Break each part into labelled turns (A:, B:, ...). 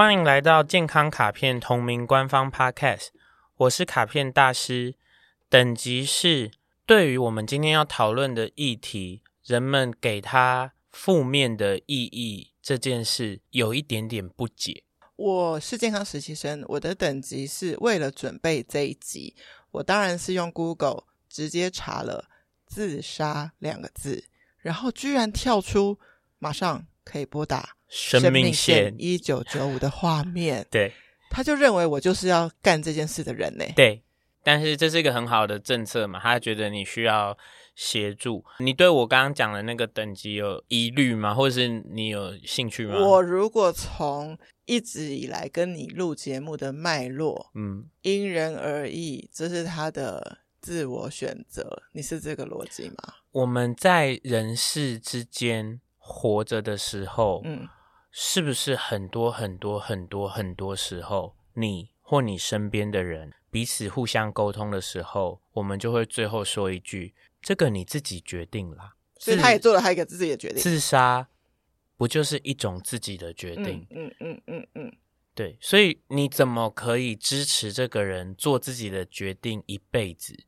A: 歡迎來到健康卡片同名官方 podcast，我是卡片大師，等級是對於我們今天要討論的議題，人們給他負面的意義這件事，有一點點不解。
B: 我是健康實習生，我的等級是為了準備這一集，我當然是用 Google 直接查了“自殺”兩個字，然後居然跳出，馬上。可以撥打生命線一九九五的畫面。命 對，他就認為我就是要幹這件事的人呢。
A: 對，但是這是一個很好的政策嘛，他覺得你需要協助。你對我剛剛講的那個等級有疑慮嗎？或者是你有興趣嗎？我
B: 如果從一直以來跟你錄節目的脈絡，嗯，因人而異，這是他的自我選擇。你是這個邏輯嗎？
A: 我們在人世之間，活着的時候，嗯，是不是很多很多很多很多時候，你或你身邊的人彼此互相溝通的時候，我們就會最後說一句：“這個你自己決定啦。”所以他也做了他一個自己的決定，自殺不就是一種自己的決定？
B: 嗯嗯嗯
A: 嗯，對。所以你怎麼可以支持這個人做自己的決定一輩子，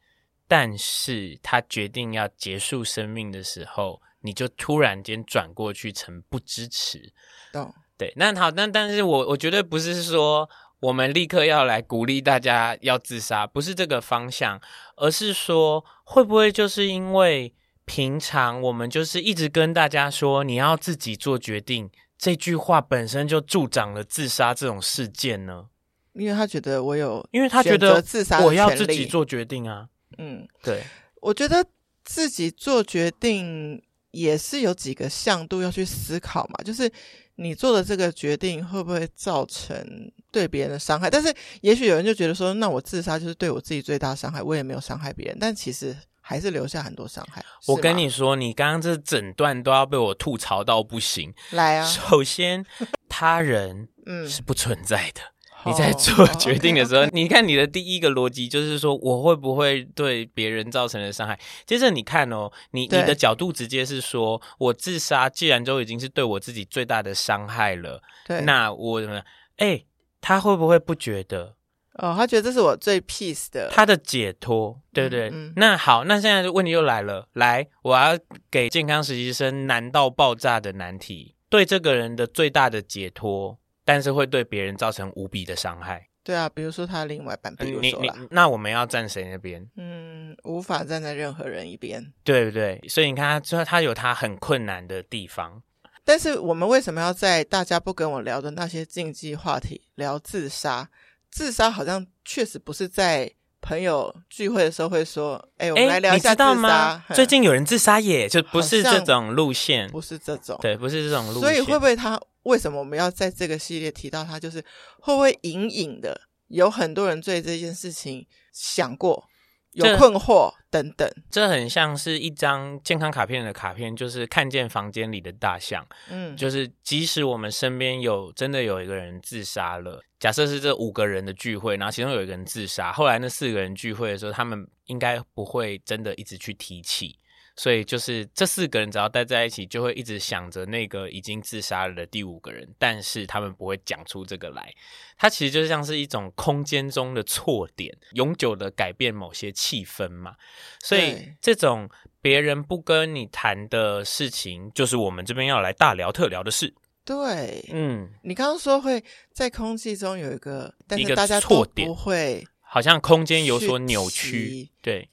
A: 但是他決定要結束生命的時候？你就突然間轉過去成不支持，
B: 懂
A: 對，那好，那但是我我覺得不是說我們立刻要來鼓勵大家要自殺，不是這個方向，而是說會不會就是因為平常我們就是一直跟大家說你要自己做決定，這句話本身就助長了自殺這種事件呢？
B: 因為他覺得
A: 我有自殺，因為他覺得自殺我要自己做決定啊，嗯，對，
B: 我覺得自己做決定。也是有幾個向度要去思考嘛，就是你做的這個決定會不會造成對別人的傷害？但是，也許有人就覺得說，那我自殺就是對我自己最大的傷害，我也沒有傷害別人，但其實還是留下
A: 很多傷害。我跟你說，你剛剛這整段都要被我吐槽到不行。來啊，首先，他人嗯是不存在的。 嗯你在做決定的時候，oh, okay, okay. 你看你的第一個邏輯就是說，我會不會對別人造成的傷害？接着你看哦、喔，你對你的角度直接是說我自殺，既然都已經是對我自己最大的傷害了，對那我，怎麼樣、欸、哎，他會不會不覺得？哦，oh, 他覺得這是我最 peace 的，他的解脫，對不對，對？嗯嗯、那好，那現在問題又來了，來，我要給健康實習生難到爆炸的難題，對這個人的最大的解脫。但是會對別人造成無比的傷害。
B: 對啊，比如說他另外半邊、呃，你你
A: 那我們要站誰那邊？嗯，
B: 無法站在任何人一
A: 邊，對不對？所以你看他，他他有他很困難的地方。
B: 但是我們為什麼要在大家不跟我聊的那些禁忌話題聊自殺？自殺好像確實不是在朋友聚會的時候會說，哎，我們來聊一下自殺。嗯、最近
A: 有人自殺也，也就不是好像這種路線，不是這種，對，不是這種路線。所以會
B: 不會他？為什麼我們要在這個系列提到它？就是會不會隱隱的有很多人對這件事情想過、有困
A: 惑等等？這，這很像是一張健康卡片的卡片，就是看見房間裡的大象。嗯，就是即使我們身邊有真的有一個人自殺了，假設是這五個人的聚會，然後其中有一個人自殺，後來那四個人聚會的時候，他們應該不會真的一直去提起。所以就是這四個人只要待在一起，就會一直想着那個已經自殺了的第五個人，但是他們不會講出這個來。它其實就像是一種空間中的錯點，永久的改變某些氣氛嘛。所以這種別人不跟你談的事情，就是我們這邊要來大聊特聊的事。
B: 對，嗯，你剛剛說會在空氣中有一個，一個大家錯點會
A: 好像空間有所扭曲，對。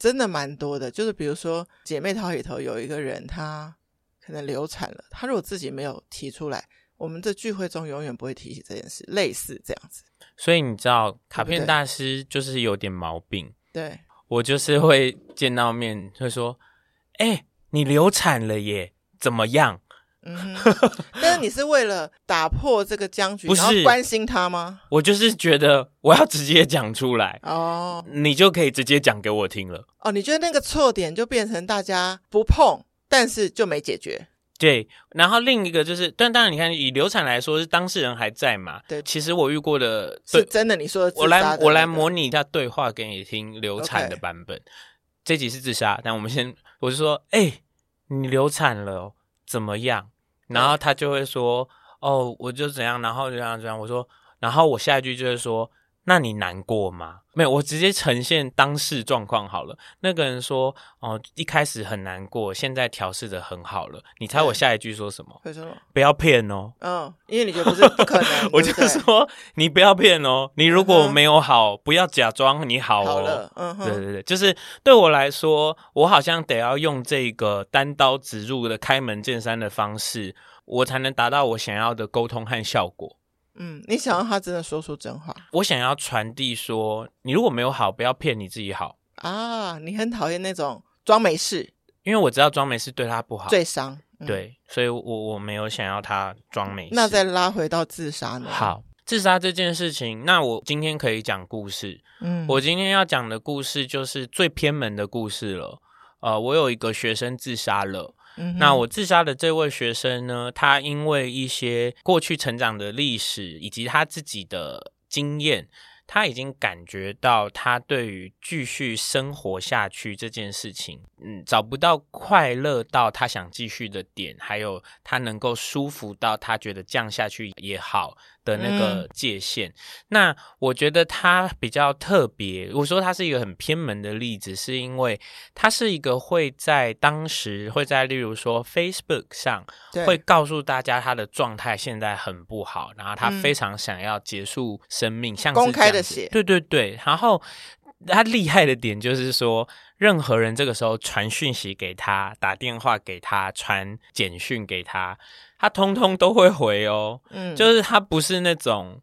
B: 真的蠻多的，就是比如說姐妹淘裡頭有一個人，她可能流產了，她如果自己沒有提出來，我們在聚
A: 會中永遠不會
B: 提起這件事，類似
A: 這樣子。所以你知道，卡片大師就是有點毛病。對，對我就是會見到面，會說：“哎、欸，你流產了耶，怎麼樣？”
B: 嗯，但是你是為了打破這個僵局， 不是關心他嗎？
A: 我就是覺得我要直接講出來哦， 你就可以直接講給我聽了
B: 哦。你覺得那個錯點就變成大家不碰，但是就沒解決。
A: 對，然後另一個就是，但當然你看，以流產來說，是當事人還在嘛。對，其實我遇過的是真的。你說的，自殺的那個，我來，我來模擬一下對話給你聽，流產的版本。Okay. 這集是自殺，但我們先，我就說，哎、欸，你流產了。怎麼樣？然後他就會說：“嗯、哦，我就怎樣，然後就這樣這樣。”我說：“然後我下一句就是說。”那你難過嗎？沒有，我直接呈現當事狀況好了。那個人說：“哦、呃，一開始很難過，現在調適得很好了。”你猜我下一句說什麼？嗯、不要騙、喔、哦。
B: 嗯，因為你就不是不可能，
A: 對對，我就是說你不要騙哦、喔。你如果沒有好，嗯、哼不要假裝你好、喔、好了。嗯，對對對，就是對我來說，我好像得要用這個單刀直入的開門見山的方式，我才能達到我想要的溝通和效果。
B: 嗯，你想要他真的說出真話？
A: 我想要傳遞說，你如果沒有好，不要騙你自己好。
B: 啊，你很討厭那種裝
A: 沒事，因為我知道裝沒事對他不好，最傷。嗯、對，所以我我沒有想要他裝沒事、嗯。那再
B: 拉回到自殺呢？
A: 好，自殺這件事情，那我今天可以講故事。嗯，我今天要講的故事就是最偏門的故事了。呃，我有一個學生自殺了。 那我自殺的這位學生呢，他因為一些過去成長的歷史以及他自己的經驗，他已經感覺到他對於繼續生活下去這件事情，嗯，找不到快樂到他想繼續的點，還有他能夠舒服到他覺得降下去也好，的那個界限，嗯、那我覺得他比較特別。我說他是一個很偏門的例子，是因為他是一個會在當時會在，例如說 Facebook 上對會告訴大家他的狀態現在很不好，然後他非常想要結束生命，嗯、像公開的寫，對對對，然後。他厲害的點就是說，任何人這個時候傳訊息給他、打電話給他、傳簡訊給他，他通通都會回哦。嗯，就是他不是那種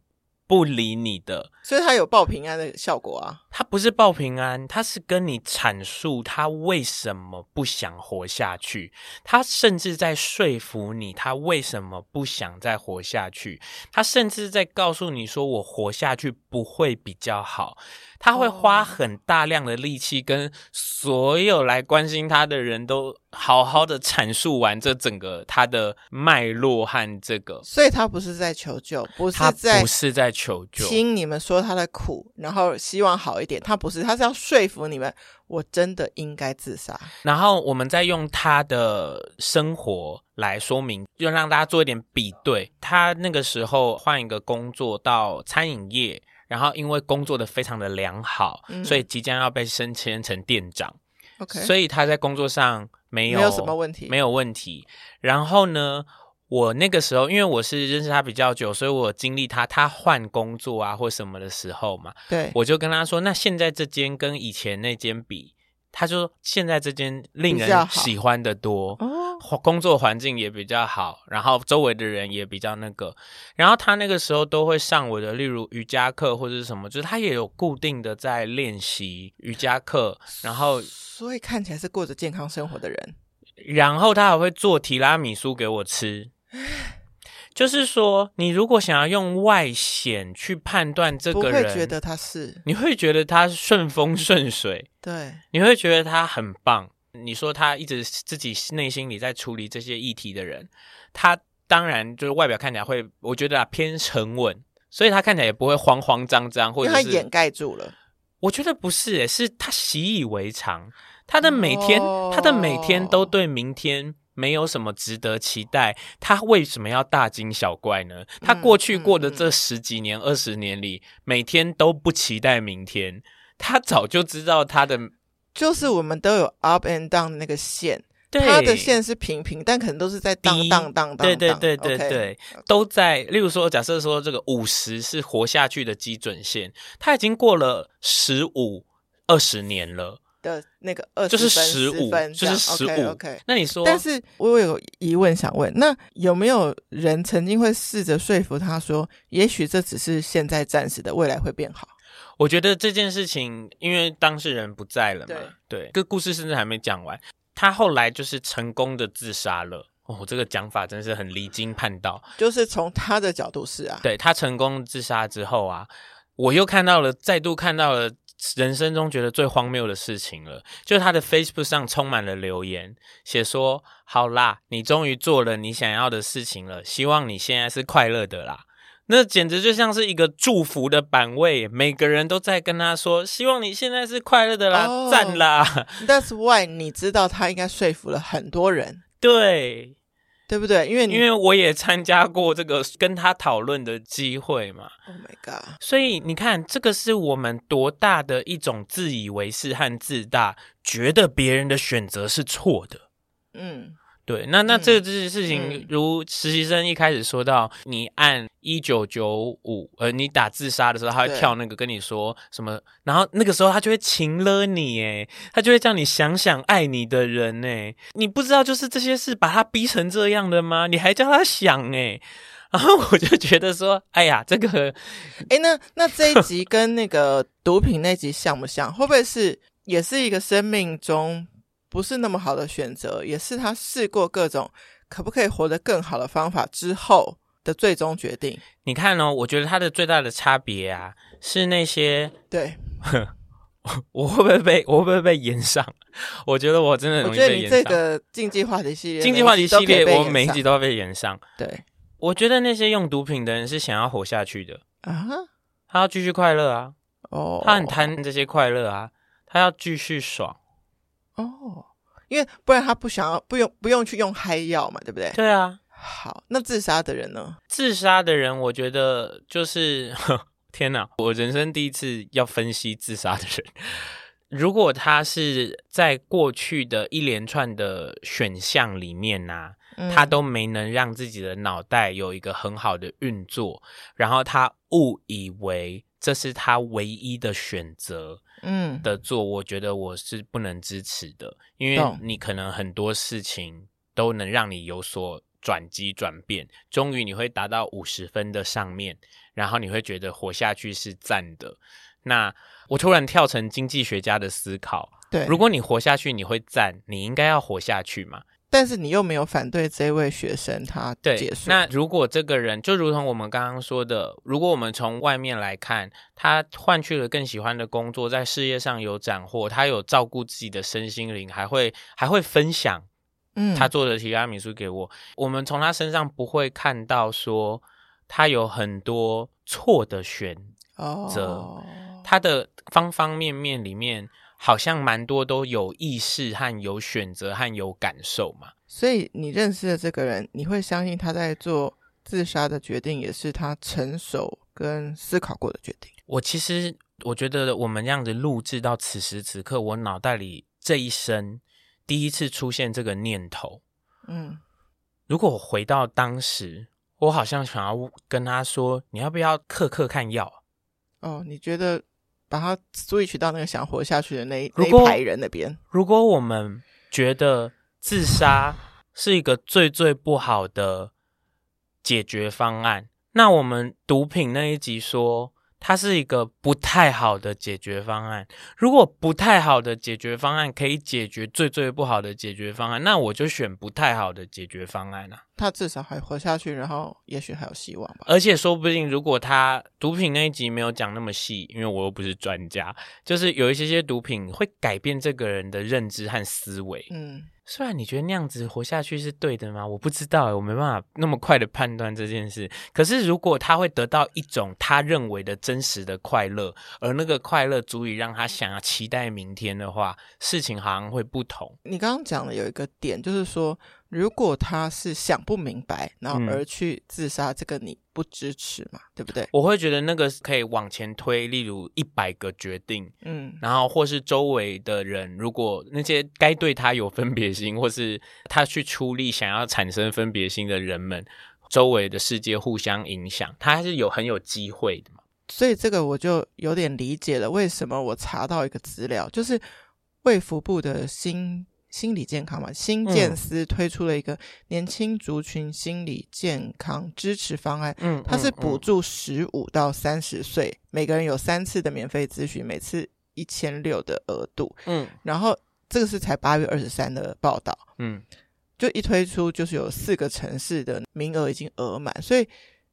A: 不理你的，
B: 所以他有報平安的效
A: 果啊？他不是報平安，他是跟你闡述他為什麼不想活下去。他甚至在說服你，他為什麼不想再活下去。他甚至在告訴你說，我活下去不會比較好。他會花很大量的力氣，跟所有來關心他的人都好好的闡述完這整個他的脈絡和這個，所以他
B: 不是在求救，不是在，不是在求救。聽你們說他的苦，然後希望好一點。他不是，他是要說服你們，我真的應該自殺。
A: 然後我們再用他的生活來說明，就讓大家做一點比對。他那個時候換一個工作到餐飲業，然後因為工作的非常的良好，嗯，所以即將要被升遷成店長，OK，所以他在工作上沒有沒有什麼問題，沒有問題。然後呢，我那個時候因為我是認識他比較久，所以我有經歷他他換工作啊或什麼的時候嘛，對，我就跟他說，那現在這間跟以前那間比，他就說現在這間令人喜歡的多。工作環境也比較好，然後周圍的人也比較那個，然後他那個時候都會上我的，例如瑜伽課或者什麼，就是他也有固定的在練習瑜伽課，然後所以看起來是過着健康生活的人。然後他還會做提拉米蘇給我吃，就是說你如果想要用外顯去判斷這個人，你會覺得他是你會覺得他是順風順水，對，你會覺得他很棒。你說他一直自己內心裡在處理這些議題的人，他當然就是外表看起來會，我覺得啊偏沉穩，所以他看起來也不會慌慌張張，或者是掩
B: 蓋住了。
A: 我覺得不是、欸，誒，是他習以為常，他的每天，哦、他的每天都對明天沒有什麼值得期待，他為什麼要大驚小怪呢？他過去過的這十幾年、二十、嗯嗯、年裡，每天都不期待明天，他早就知道他的。
B: 就是我們都有 up and down 的那個線，對它的線是平平，但可能都是在蕩蕩蕩蕩。對對對對對，okay,
A: 都在。okay. 例如說，假設說這個五十是活下去的基準線，它已經過了十五二十年了
B: 的那個二十，就是十五，就是十五。那你說，但是我有疑問想問，那有沒有人曾經會試着說服他說，也許這只是現在暫時的，未來會變好？
A: 我覺得這件事情，因為當事人不在了嘛，對，對，個故事甚至還沒講完。他後來就是成功的自殺了。哦，這個講法真是很離經叛道。就是從他的角度是啊，對，他成功自殺之後啊，我又看到了，再度看到了人生中覺得最荒謬的事情了。就他的 Facebook 上充滿了留言，寫說：“好啦，你終於做了你想要的事情了，希望你現在是快樂的啦。”那簡直就像是一個祝福的版位，每個人都在跟他說：“希望你現在是快樂的啦，贊、oh, 啦。”
B: That's why 你知道他應該說服了很多人，
A: 對，對不對？因為因為我也參加過這個跟他討論的機會嘛。Oh my god！所以你看，這個是我們多大的一種自以為是和自大，覺得別人的選擇是錯的。
B: 嗯。
A: 對，那那這這些事情，嗯、如實習生一開始說到，嗯、你按一九九五，呃，你打自殺的時候，他會跳那個跟你說什麼，對然後那個時候他就會情勒你耶，誒他就會叫你想想愛你的人耶，誒你不知道就是這些事把他逼成這樣的嗎？你還叫他想耶，誒然後我就覺得說，哎呀，這個，哎、欸，那那這一集跟那
B: 個毒品那集像不像？ 會不會是也是一個生命中？不是那麼好的選擇，也是他試過各種可不可以活得更好的方法之後的最終決定。
A: 你看哦，我覺得他的最大的差別啊，是那些對，我會不會被我會不會被延上？我覺得我真的很容易被延上。我覺得你這個
B: 競技話題系列的，競技話題系列，我每一集
A: 都要被延上。對，我覺得那些用毒品的人是想要活下去的啊，uh huh? 他要繼續快樂啊，哦，oh. 他很貪這些快樂啊，他要繼續爽。
B: 哦，因為不然他不想要，不用不用去用嗨藥嘛，對不對？對啊。好，那自殺的人呢？
A: 自殺的人，我覺得就是，哼，天哪，我人生第一次要分析自殺的人。如果他是在過去的一連串的選項裡面吶，啊，嗯，他都沒能讓自己的腦袋有一個很好的運作，然後他誤以為這是他唯一的選擇。嗯的做，我覺得我是不能支持的，因為你可能很多事情都能讓你有所轉機轉變，終於你會達到五十分的上面，然後你會覺得活下去是讚的。那我突然跳成經濟學家的思考，對，如果你活下去，你會讚，你應該要活下去嘛。
B: 但是你又沒有反對這位學生他解釋。對。那
A: 如果這個人就如同我們剛剛說的，如果我們從外面來看，他換去了更喜歡的工作，在事業上有斬獲，他有照顧自己的身心靈，還會還會分享，嗯，他做的提拉米蘇給我。嗯、我們從他身上不會看到說他有很多錯的選擇，哦、他的方方面面裡面。好像蠻多都有意識和有選擇和有感受嘛，
B: 所以你認識的這個人，你會相信他在做自殺的決定，也是他成熟跟思考過的決定。
A: 我其實我覺得我們這樣子錄制到此時此刻，我腦袋裡這一生第一次出現這個念頭。嗯，如果我回到當時，我好像想要跟他說，你要不要嗑嗑看藥？
B: 哦，你覺得？把他追取到那個想活下去的那如果那一排人
A: 那邊。如果我們覺得自殺是一個最最不好的解決方案，那我們毒品那一集說。它是一個不太好的解決方案。如果不太好的解決方案可以解決最最不好的解決方案，那我就選不太好的解決方案啦、啊。
B: 他至少還活下去，然後也許還有希望
A: 吧。而且說不定，如果他毒品那一集沒有講那麼細，因為我又不是專家，就是有一些些毒品會改變這個人的認知和思維。嗯。雖然你覺得那樣子活下去是對的嗎？我不知道欸，我沒辦法那麼快的判斷這件事。可是如果他會得到一種他認為的真實的快樂，而那個快樂足以讓他想要期待明天的話，事情好像會不同。
B: 你剛剛講的有一個點，就是說。如果他是想不明白，然後而去自殺，嗯、這個你不支持嘛？
A: 對不對？我會覺得那個可以往前推，例如一百個決定，嗯，然後或是周圍的人，如果那些該對他有分別心，或是他去出力想要產生分別心的人們，周圍的世界互相影響，他還是有很有機會的嘛？
B: 所以這個我就有點理解了。為什麼我查到一個資料，就是衛福部的新。心理健康嘛，心健司推出了一個年輕族群心理健康支持方案，嗯，它是補助十五到三十歲每個人有三次的免費諮詢，每次一千六的額度，嗯，然後這個是才八月二十三的報道，嗯，就一推出就是有四個城市的名額已經額滿，所以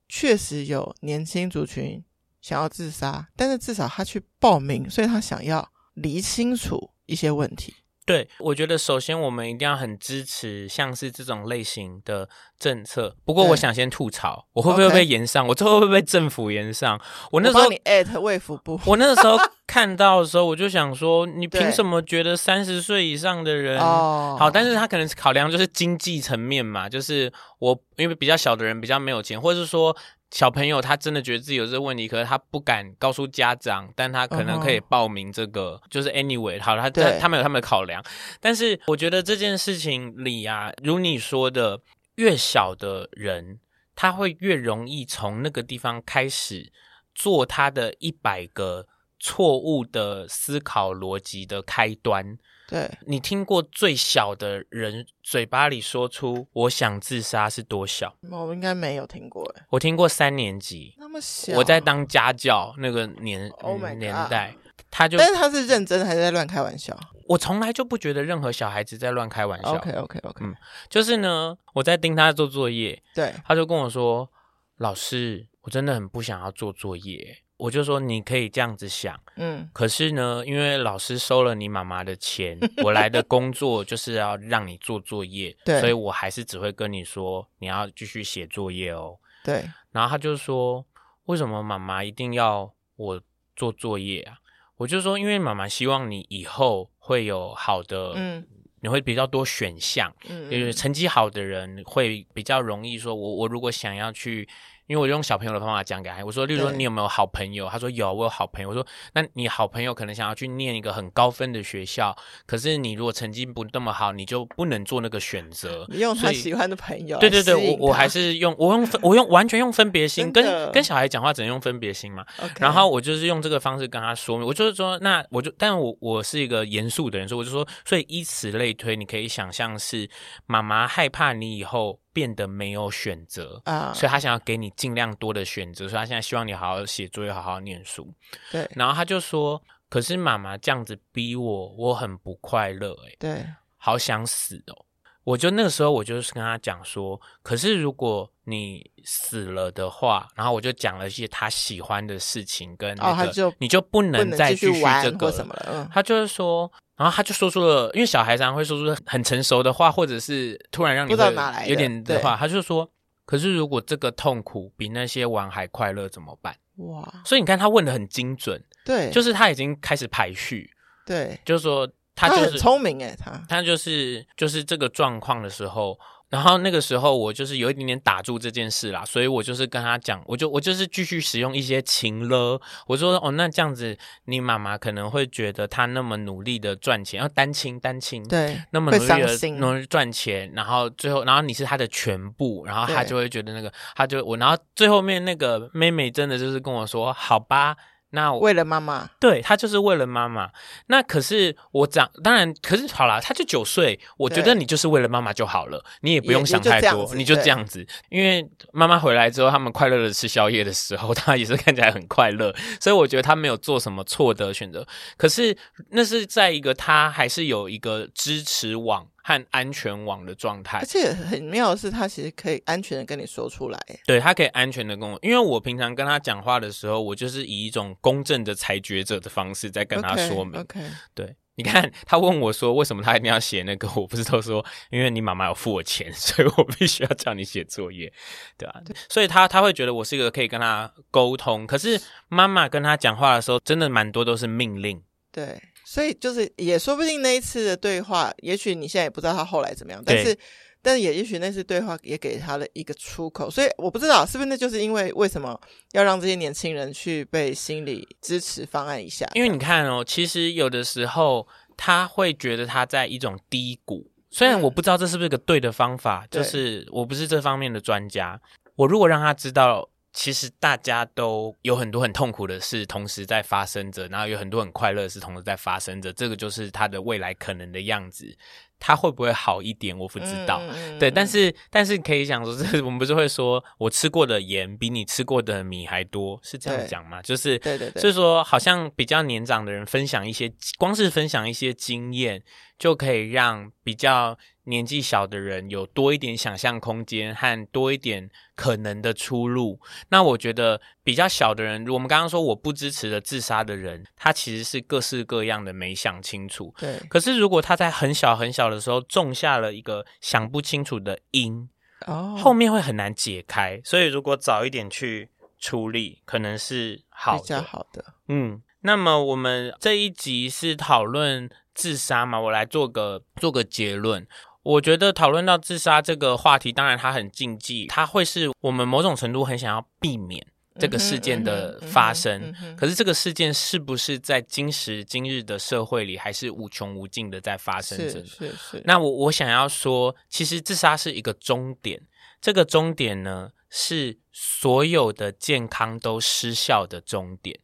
B: 確實有年輕族群想要自殺，但是至少他去報名，所以他想要理清楚一些問題。嗯
A: 對，我覺得首先我們一定要很支持像是這種類型的政策。不過我想先吐槽，對我會不會被炎 Okay. 上？我最後會不會被政府炎上？我那時候幫你
B: 艾特衛福部 我那時候
A: 看到的時候，我就想說，你憑什麼覺得三十歲以上的人對好？但是他可能是考量就是經濟層面嘛，就是我因為比較小的人比較沒有錢，或者是說。小朋友他真的覺得自己有這個問題，可是他不敢告訴家長，但他可能可以報名這個，uh huh. 就是 anyway，好，他他對他們有他們的考量，但是我覺得這件事情裡啊，如你說的，越小的人，他會越容易從那個地方開始做他的一百個。錯誤的思考邏輯的開端。對。你聽過最小的人嘴巴裡說出“我想自殺”是多小？
B: 我應該沒有聽
A: 過。哎，我聽過三年級那
B: 麼小、啊，我在
A: 當家教那個年、oh、年代，他就但是他是認真還是在亂開玩笑？我從來就不覺得任何小孩子在亂開玩笑。OK OK OK，、嗯、就是呢，我在盯他做作業，對，他就跟我說：“老師，我真的很不想要做作業。”我就說你可以這樣子想，嗯，可是呢，因為老師收了你媽媽的錢， 我來的工作就是要讓你做作業，對，所以我還是只會跟你說你要繼續寫作業哦，對。然後他就說，為什麼媽媽一定要我做作業啊？我就說，因為媽媽希望你以後會有好的，嗯，你會比較多選項，嗯，嗯，就是成績好的人會比較容易說我，我我如果想要去。因為我用小朋友的方法講給孩子，我說，例如說你有沒有好朋友？對他說有，我有好朋友。我說，那你好朋友可能想要去念一個很高分的學校，可是你如果成績不那麼好，你就不能做那個選擇。你用他喜歡
B: 的朋友，以以對對對，我我還
A: 是用我用分我用完全用分別心 的跟跟小孩講話，只能用分別心嘛。Okay 然後我就是用這個方式跟他說我就是說，那我就，但我我是一個嚴肅的人，所以我就說，所以依此類推，你可以想象是媽媽害怕你以後。變得沒有選擇啊，uh, 所以他想要給你盡量多的選擇，所以他現在希望你好好寫作業，好好念書。對，然後他就說：“可是媽媽這樣子逼我，我很不快樂、欸，哎，對，好想死哦、喔！”我就那個時候，我就是跟他講說：“可是如果你死了的話，然後我就講了一些他喜歡的事情跟、那個，跟哦他就你就不能再繼續玩這個什麼了，嗯”他就是說。然後他就說出了，因為小孩常常會說出很成熟的話，或者是突然讓你有點不知道哪來的有點的話。他就說：“可是如果這個痛苦比那些玩還快樂怎麼辦？”哇！所以你看他問得很精準，對，就是他已經開始排序，對，就是說他就是，他很聰明耶，他他就是就是這個狀況的時候。然後那個時候我就是有一點點打住這件事啦，所以我就是跟他講，我就我就是繼續使用一些情了。我說哦，那這樣子，你媽媽可能會覺得她那麼努力的賺錢，要單親單親，單親對，那麼努力的努力賺錢，然後最後然後你是她的全部，然後她就會覺得那個，對她就我，然後最後面那個妹妹真的就是跟我說，好吧。那為了媽媽，對，他就是為了媽媽。那可是我長，當然，可是好啦，他就九歲。我覺得你就是為了媽媽就好了，你也不用想太多，你就這樣子。因為媽媽回來之後，他們快樂的吃宵夜的時候，他也是看起來很快樂。所以我覺得他沒有做什麼錯的選擇。可是那是在一個他還是有一個支持網。和安全網的狀態，而且
B: 很妙的是，他其實可以安全的跟你說出來。
A: 對，他可以安全的跟我，因為我平常跟他講話的時候，我就是以一種公正的裁決者的方式在跟他說明。Okay, okay. 對，你看他問我說，為什麼他一定要寫那個？我不是都說因為你媽媽有付我錢，所以我必須要叫你寫作業，對啊，對。所以他他會覺得我是一個可以跟他溝通。可是媽媽跟他講話的時候，真的蠻多都是命令。
B: 對。所以就是也說不定那一次的對話，也許你現在也不知道他後來怎麼樣。對但是，但也也許那次對話也給他了一個出口。所以我不知道是不是那就是因為為什麼要讓這些年輕人去被心理支持方案一下？
A: 因為你看哦，嗯、其實有的時候他會覺得他在一種低谷，雖然我不知道這是不是一個對的方法，對就是我不是這方面的專家。我如果讓他知道。其實大家都有很多很痛苦的事同時在發生着，然後有很多很快樂的事同時在發生着。這個就是他的未來可能的樣子。他會不會好一點，我不知道。嗯、對，但是但是可以想說，是我們不是會說我吃過的鹽比你吃過的米還多，是這樣講嗎？對就是對對對，所以說好像比較年長的人分享一些，光是分享一些經驗。就可以讓比較年紀小的人有多一點想象空間和多一點可能的出路。那我覺得比較小的人，我們剛剛說我不支持的自殺的人，他其實是各式各樣的沒想清楚。對。可是如果他在很小很小的時候種下了一個想不清楚的因，哦，後面會很難解開。所以如果早一點去處理，可能是好，比較好的。嗯。那麼我們這一集是討論自殺嘛。我來做個做個結論。我覺得討論到自殺這個話題，當然它很禁忌，它會是我們某種程度很想要避免這個事件的發生。嗯嗯嗯嗯、可是這個事件是不是在今時今日的社會裡，還是無窮無盡的在發生着？是是是。是是，那我我想要說，其實自殺是一個終點。這個終點呢，是所有的健康都失效的終點。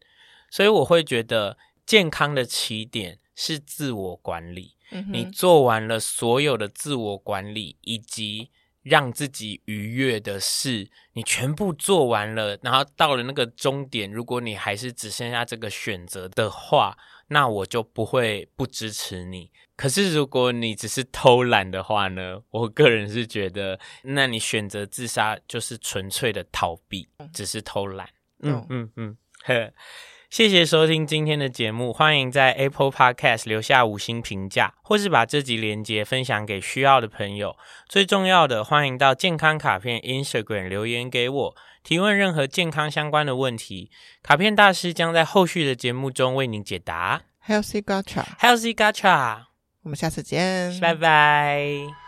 A: 所以我會覺得健康的起點是自我管理。嗯哼，你做完了所有的自我管理以及讓自己愉悅的事，你全部做完了，然後到了那個終點，如果你還是只剩下這個選擇的話，那我就不會不支持你。可是如果你只是偷懶的話呢？我個人是覺得，那你選擇自殺就是純粹的逃避，只是偷懶。嗯嗯嗯呵。嗯 謝謝收聽今天的節目，歡迎在 Apple Podcast 留下五星評價，或是把這集連結分享給需要的朋友。最重要的，歡迎到健康卡片 Instagram 留言給我，提問任何健康相關的問題，卡片大師將在後續的節目中為您解答。
B: Healthy Gotcha!
A: Healthy Gotcha!
B: 我們下次見，
A: 拜拜。